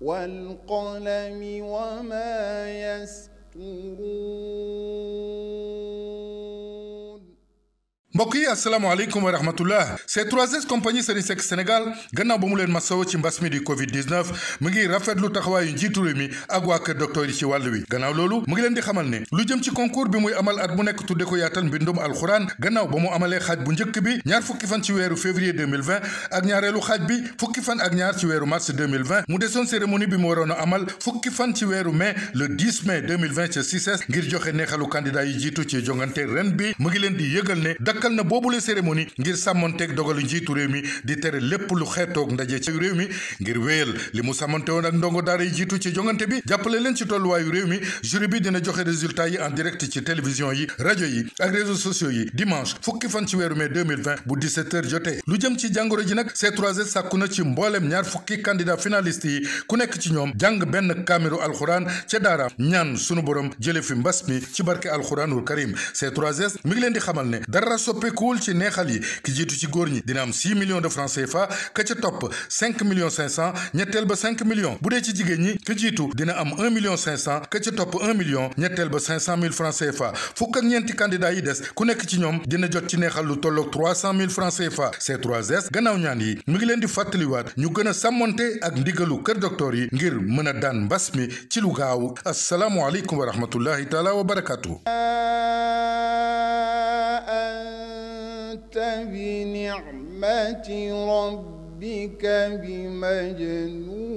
والقلم وما يسطرون mbokk yi asalaamaaleykum wa rahmatullah C3S compagnie Serigne Sénégal gannaaw ba mu leen masawo ci mbas mi di covid 19 mu ngi rafetlu taxawaayu njiitu réew mi ak waa kër docteur yi ci wàll wi gannaaw loolu mu ngi leen di xamal ne lu jëm ci concours bi muy amal at mu nekk tudde ko yaatal mbindum alxuraan gannaaw ba mu amalee xaaj bu njëkk bi ñaar fukki fan ci weeru février 2020 ak ñaareelu xaaj bi fukki fan ak ñaar ci weeru mars 2020 mu desoon cérémonie a amal fukki fan ci mai le 10 mai 2020 ca CICES ngir joxe neexalu candidat yi jiitu bi mu ngi leen di yëgal dakkal na boobule cérémonie ngir sàmmonteeg dogalu njiitu réew mi di tere lépp lu xeetoog ndaje ci réew mi ngir wéyal li mu sàmmonte woon ak ndongo daara yi jiitu ci jongante bi jàppale leen ci tolluwaayu réew mi jury bi dina joxe résultat yi en direct ci télévision yi rajo yi ak réseaux sociaux yi dimanche fukki fan ci weeru mai 2020 bu 17h jotee lu jëm ci jàngoro ji nag C3S sàkku na ci mboolem ñaar fukki candidat finaliste yi ku nekk ci ñoom jàng benn kaamiru alxuraan ca daara ñaan sunu borom jële fi mbas mi ci barke alxuraanul karim C3S mi leen di xamal soppeekuwul ci neexal yi ki jiitu ci góor ñi dina am million de francs CFA ka topp 5 ñetteel ba 5 bu dee ci jigéen ñi ki jiitu dina am 1 million 500 ka ca topp 1 million ñetteel ba 500 000 francs CFA fukk ak ñeenti candidats yi des ku nekk ci ñoom dina jot ci neexal lu tolloog 300 000 francs CFA C3S gannaaw ñaan yi mu ngi leen di fàttaliwaat ñu gën a sàmmonte ak ndigalu kër docteur yi ngir mën a daan mbas mi ci lu gaaw asalaamualeykum wa rahmatullahi taala wa bi ni'mati rabbika bi majnun